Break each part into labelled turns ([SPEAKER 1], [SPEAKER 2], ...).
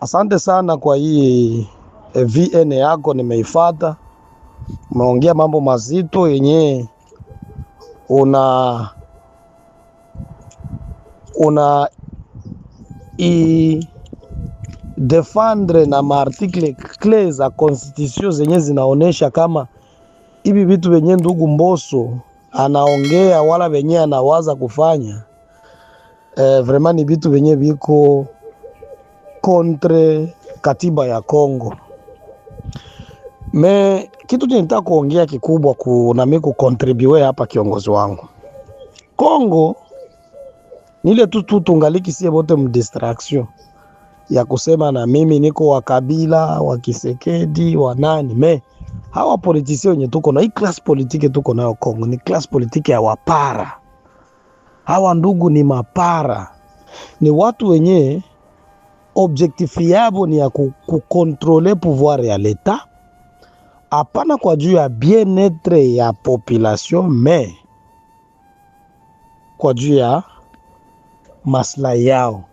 [SPEAKER 1] Asante sana kwa hii eh, VN yako nimeifata. Umeongea mambo mazito yenye una una i defendre na maartikle cle za constitution zenye zinaonesha kama hivi vitu venye ndugu Mboso anaongea wala venye anawaza kufanya eh, vraiment ni vitu venye viko contre katiba ya Kongo. Me kitu nitaka kuongea kikubwa kunami contribute hapa, kiongozi wangu Kongo nile tu tungaliki sie bote distraction ya kusema na mimi niko wa kabila wa Kisekedi wa nani. Me hawa politisi wenye tuko na hii class politiki tuko nayo Kongo ni class politiki ya wapara. Hawa ndugu ni mapara, ni watu wenye objectif yabo ni ya kukontrole pouvoir ya leta, hapana kwa juu ya bien-etre ya population, me kwa juu ya maslahi yao.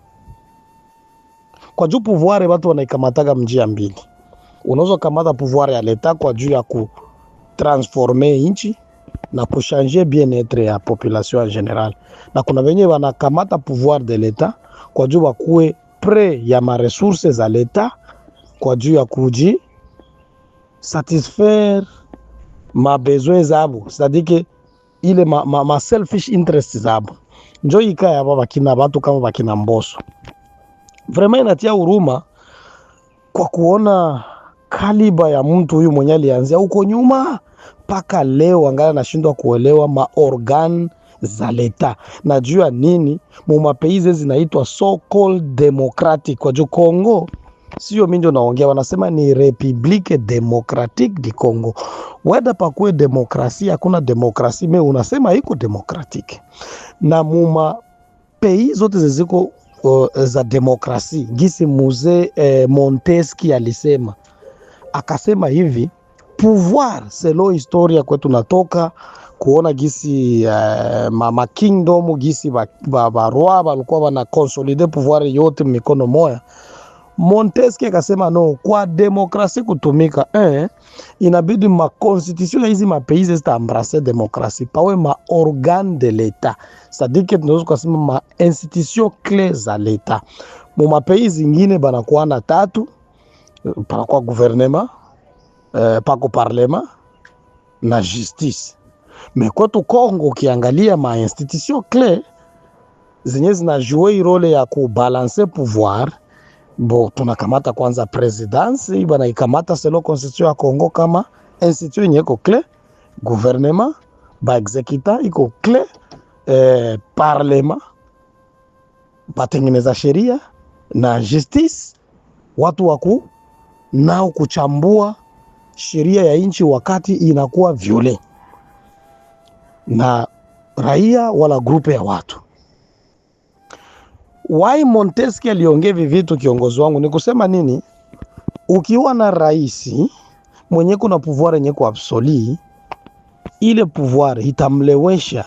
[SPEAKER 1] Kwa juu pouvoir watu wanaikamataga mjia mbili, unaweza kamata pouvoir ya leta kwa juu ya kutransforme nchi na kushange bien-etre ya population en general, na kuna wenye wanakamata pouvoir de leta kwa juu wakuwe près ya maresource za leta kwa juu ya kuji satisfaire mabezwe zabo, sadike ile ma, ma, ma selfish interest zabo njo ikaya ba bakina batu kama bakina Mboso. Vraiment inatia huruma kwa kuona kaliba ya mtu huyu mwenye alianzia huko nyuma mpaka leo, angana nashindwa kuelewa maorgan za leta. Najua nini mumapeize zinaitwa so called democratic kwa juu Kongo Sio mi ndio naongea, wanasema ni Republique Democratique di Congo. Weda pakuwe demokrasia, hakuna demokrasi me unasema iko democratic na muma pei zote ziziko uh, za demokrasi gisi muzee eh, Montesquieu alisema akasema hivi pouvoir selon historia kwetu natoka kuona gisi eh, mama kingdom gisi barua balikuwa bana consolide pouvoir yote mikono moya. Montesquieu akasema no, kwa demokrasi kutumika eh, inabidi ma constitution ya hizi mapays zitaambrase demokrasi pawe ma organe de l'etat, sadike tunaweza kusema ma institution clé za l'etat. Mu mapays zingine banakuwa na tatu, panakuwa eh, gouvernement eh, pako parlement na justice Me kwetu Kongo ukiangalia ma institution cle zenye zinajue role ya kubalanse pouvoir bo, tunakamata kwanza presidence na ikamata selo constitution ya Kongo kama institution yenye iko cle, gouvernement ba exekita iko cle, eh, parlement batengeneza sheria na justice, watu waku nao kuchambua sheria ya nchi wakati inakuwa violent na raia wala grupe ya watu. Why Montesquieu aliongea hivi vitu, kiongozi wangu, ni kusema nini? Ukiwa na rais mwenye kuna pouvoir yenye kwa absoli, ile pouvoir itamlewesha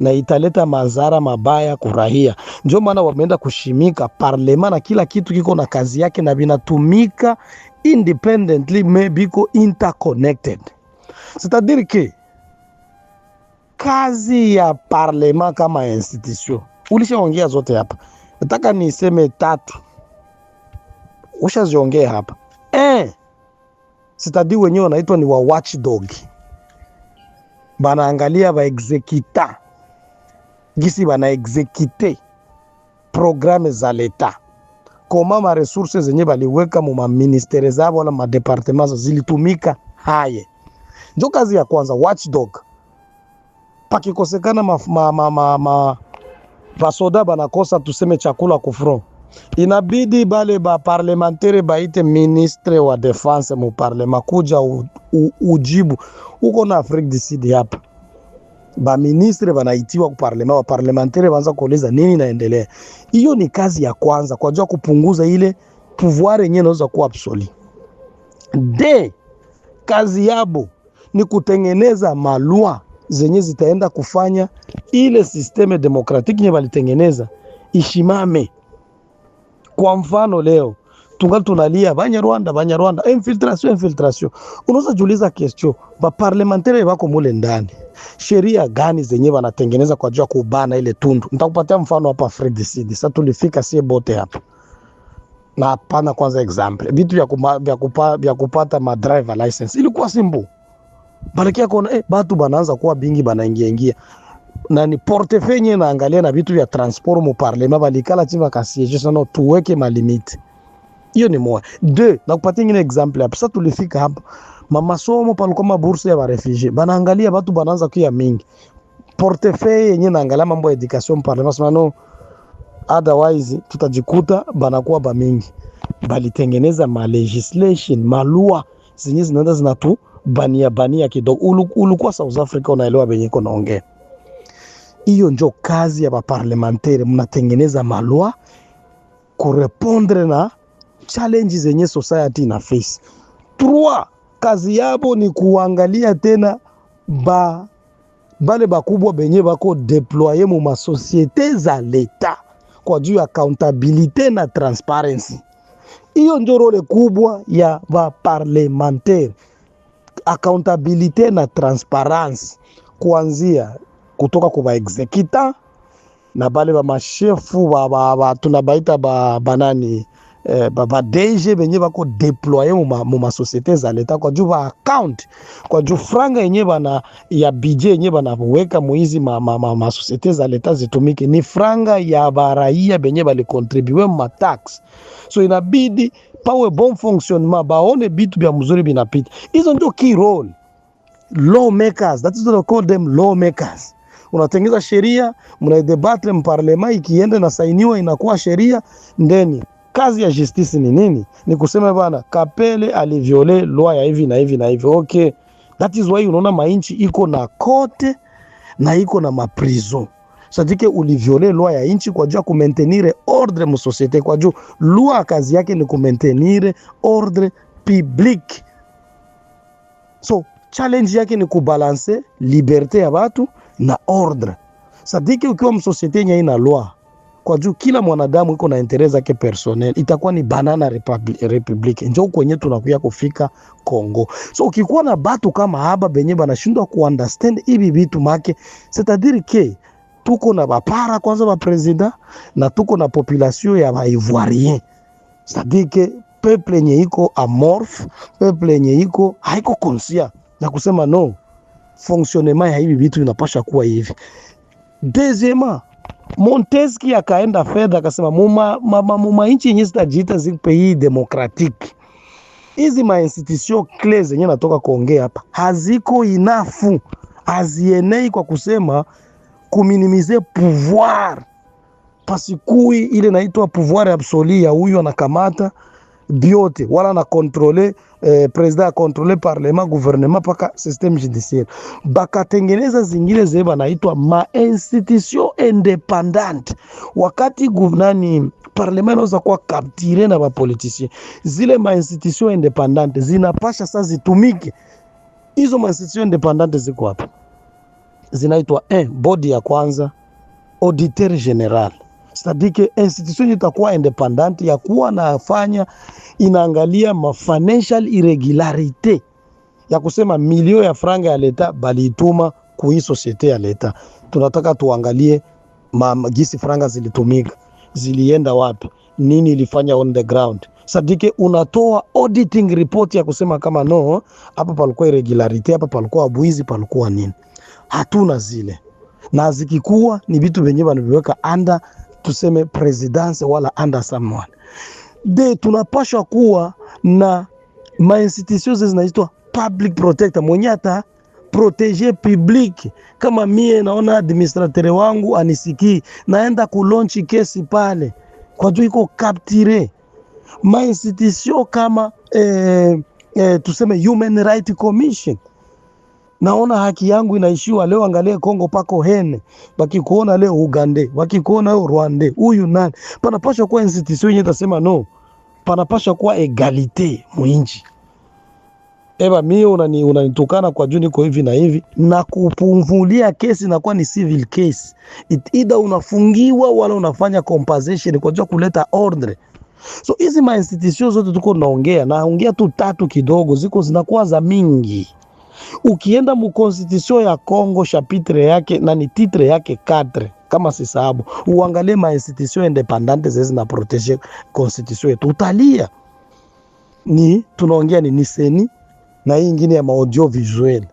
[SPEAKER 1] na italeta madhara mabaya kurahia. Ndio maana wameenda kushimika parlema na kila kitu kiko na kazi yake na vinatumika independently, maybe ko interconnected, c'est-à-dire que kazi ya parlema kama institution. Ulishaongea zote hapa, nataka niseme tatu, ushaziongea hapa eh. Sitadi wenyewe wanaitwa ni wa watchdog, banaangalia ba executa gisi bana execute programe za leta koma ma resources zenye baliweka mu maministere zabo na madepartements zilitumika haye. Njo kazi ya kwanza watchdog pakikosekana ma, ma, ma, ma, ma, basoda banakosa tuseme chakula kufron, inabidi bale baparlementaire baite ministre wa defense mu parlement kuja u, u, ujibu uko na Afrique du Sud hapa ba ministre banaitiwa ku parlement wa parlementaire banza kueleza nini naendelea. Hiyo ni kazi ya kwanza kwa jua kupunguza ile pouvoir yenyewe naweza kuwa absolu. De, kazi yabo ni kutengeneza malua zenye zitaenda kufanya ile systeme demokratiki nye walitengeneza ishimame. Kwa mfano leo tungali tunalia banya Rwanda, banya Rwanda, infiltration, infiltration. Unaweza juliza kesho ba parlementaire wako mule ndani, sheria gani zenye wanatengeneza kwa ajili ya kubana ile tundu? Nitakupatia mfano hapa Fred Sidi. Sasa tulifika sie bote hapa na hapana, kwanza example vitu vya kupata ma driver license ilikuwa simple banakia kuona eh, batu banaanza kuwa bingi banaingia ingia na ni portefeuille naangalia na vitu vya transport mu parlement balikala chini bakasieje sana, tuweke malimiti. Hiyo ni moja. de na kupatia ingine example hapa. Sasa tulifika hapa pale kwa mabursa ya barefugee, banaangalia batu banaanza kuya mingi, portefeuille yenyewe naangalia mambo ya education parlement sana no, otherwise tutajikuta banakuwa ba mingi. Balitengeneza ma legislation malua zenye zinaenda zinatu bania bania kidogo, ulikuwa South Africa, unaelewa venye ko naongea. Hiyo njo kazi ya baparlementaire, mnatengeneza malwa kurepondre na challenge zenye society na face. Trois, kazi yabo ni kuangalia tena ba bale bakubwa benye bako deploye mu masosiete za leta kwa juu ya accountability na transparency. Hiyo ndio role kubwa ya ba parlementaire accountability na transparency kuanzia kutoka kwa executor na bale ba mashefu ba, ba, ba, tunabaita ba, banani Eh, ba ba DG benye bako deploye mu mu ma masosiete za leta kwa juu ba account kwa juu franga yenye bana ya budget yenye weka mu masosiete ma, ma, ma za leta zitumike ni franga ya baraia benye balikontribue mu tax so inabidi pawe bon fonctionnement, baone bitu bya mzuri binapita. Hizo ndio key role lawmakers, that is what I call them lawmakers Unatengeza sheria mnaidebate mparlema, ikienda na sainiwa inakuwa sheria ndeni kazi ya justice ni nini? Ni kusema bwana Kapele aliviole lwa ya hivi na hivi na hivi. Okay, that is why unaona mainchi iko na kote na iko na maprison sadike uliviole lwa ya inchi kwa jua ya kumaintenire ordre mu societe, kwa jua lwa kazi yake ni kumaintenire ordre public. So challenge yake ni kubalanse liberte ya batu na ordre. Sadike ukiwa mu nya ina lwa kwa juu kila mwanadamu iko na interest yake personnel, itakuwa ni banana republic, njo kwenye tunakuja kufika Kongo. So ukikuwa na batu kama haba benye banashindwa ku understand hivi vitu make setadiri ke tuko na bapara kwanza ba president na tuko na population ya baivoirien sadike peuple yenye iko amorphe, peuple yenye iko haiko konsia na kusema no fonctionnement ya hivi vitu inapasha kuwa hivi. Deuxièmement Montesquieu akaenda fedha akasema muma, muma nchi yenye zitajiita zipe hii demokratiki hizi mainstitution kle zenye natoka kuongea hapa haziko inafu, hazienei kwa kusema kuminimize pouvoir pasikui ile naitwa pouvoir absolu ya huyu anakamata biote wala na kontrole eh, presida ya kontrole parlema guvernema mpaka systeme judiciaire, bakatengeneza zingine zee banaitwa mainstitution independante. Wakati guvnani parlema inaweza kuwa kaptire na bapolitisien, zile mainstitution independante zinapasha sa zitumike. Hizo mainstitution independante ziko hapa, zinaitwa eh, bodi ya kwanza auditeur general Sadike institution itakuwa independent ya kuwa nafanya inaangalia ma financial irregularity ya kusema milio ya franga ya leta baliituma kui societe ya leta. Tunataka tuangalie magisi franga zilitumika, zilienda wapi, nini ilifanya on the ground. Sadike unatoa auditing report ya kusema kama no, hapa palikuwa irregularity, hapa palikuwa buizi, palikuwa nini. Hatuna zile na zikikuwa ni vitu venye vanaviweka under tuseme presidence wala under someone de, tunapashwa kuwa na mainstitution zinaitwa public protector mwenye ata public. Kama mie naona administrateur wangu anisikii, naenda kulonchi kesi pale kwa juu iko kaptire mainstitution kama eh, eh, tuseme Human Right Commission naona haki yangu inaishiwa leo. Angalie Kongo pako hene, wakikuona leo Ugande, wakikuona leo Rwande, huyu nani? Panapasha kuwa institution yenye tasema no, panapasha kuwa egalite mwinji. Eba mie unani unanitukana kwa juu niko hivi na hivi, na kupumvulia kesi inakuwa ni civil case it, either unafungiwa wala unafanya compensation kwa jua kuleta ordre. So hizi ma institution zote tuko naongea naongea tu tatu kidogo, ziko zinakuwa za mingi Ukienda mu constitution ya Congo chapitre yake na ni titre yake 4 kama si sababu, uangalie ma institution independante zezi na protege constitution yetu, utalia ni tunaongea ni niseni na hii ingine ya maudio visual,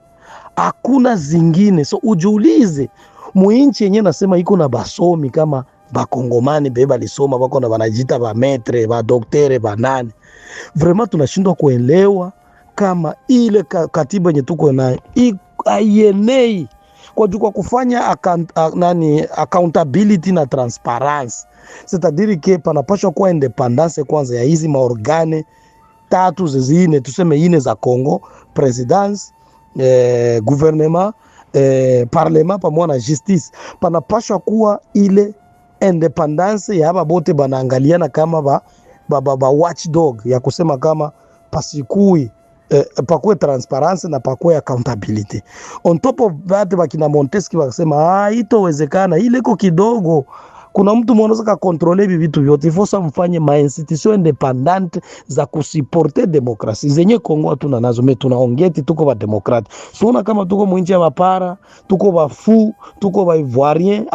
[SPEAKER 1] hakuna zingine. So ujiulize muinchi yenye nasema iko na basomi kama bakongomani be balisoma bako na banajita ba metre ba doktere ba nani, vraiment tunashindwa kuelewa kama ile katiba yenye tuko nayo haienei kwa juu kufanya account, a, nani, accountability na transparency, setadiri ke panapashwa kuwa independence kwanza ya hizi maorgane tatu zezine tuseme ine za Congo presidence eh, gouvernement eh, parlement pamoja na justice, panapashwa kuwa ile independence ya haba bote banaangaliana kama ba, ba, ba, ba watchdog ya kusema kama pasikui Eh, pakuwe transparency na pakuwe accountability on top of that, bakina Monteski wakasema, ah, itowezekana ile iko kidogo, kuna mtu mwanaweza kakontrole hivi vitu vyote. Ifosa mfanye ma institution independent za kusuporte demokrasi zenye Kongo hatuna nazo. Me tunaongea tuko ba demokrati, tunaona kama tuko mwinchi ya mapara, tuko bafu, tuko ba Ivoirien,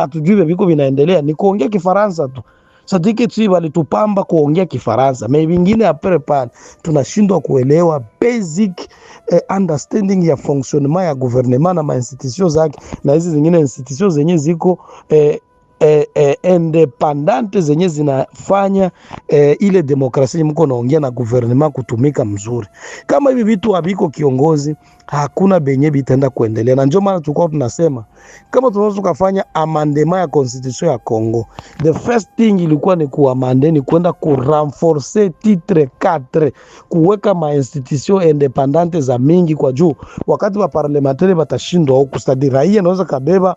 [SPEAKER 1] viko vinaendelea, ni kuongea Kifaransa tu Sadiki tu walitupamba kuongea Kifaransa, me vingine apere pale tunashindwa kuelewa basic eh, understanding ya fonctionnement ya gouvernement na mainstitution zake na hizi zingine institution zenye ziko eh, eh, eh, independante zenye zinafanya eh, ile demokrasia mko naongea na guvernema kutumika mzuri. Kama hivi vitu habiko kiongozi, hakuna benye bitaenda kuendelea, na ndio maana tulikuwa tunasema kama tunaweza tukafanya amandema ya constitution ya Congo, the first thing ilikuwa ni kuamandeni kwenda ku renforcer titre 4 kuweka ma institution independante za mingi kwa juu, wakati wa parlementaire batashindwa huko, stadi raia naweza kabeba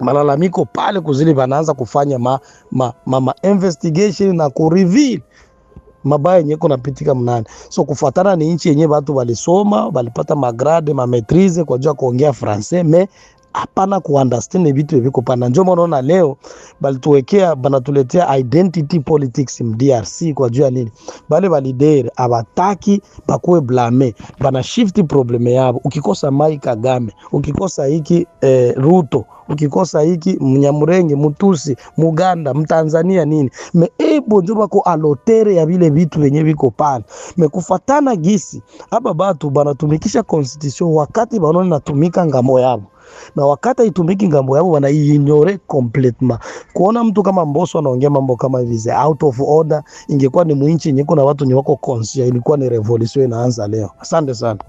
[SPEAKER 1] malalamiko pale kuzili wanaanza kufanya ma, ma, ma, ma investigation na ku reveal mabaya yenye kunapitika mnani. So kufuatana ni nchi yenye watu walisoma walipata magrade mametrize kwa jua kuongea francais me hapana kuunderstand vitu viko pana. Ndio maana unaona leo balituwekea banatuletea identity politics in DRC. kwa juu ya nini? Bale dere abataki bakuwe blame, bana shift problem yao. Ukikosa Mai Kagame, ukikosa hiki eh, Ruto, ukikosa hiki Mnyamurenge, Mtusi, Muganda, Mtanzania nini, me ebo njo bako alotere ya vile vitu venye viko pana, mekufatana gisi aba batu banatumikisha constitution wakati banone natumika ngamo yao na wakati itumiki ngambo yao wanaiinyore completely. Kuona mtu kama Mbosso anaongea mambo kama hivi out of order, ingekuwa ni mwinchi nyiko na watu nyoko conscious, ilikuwa ni revolution inaanza leo. Asante sana.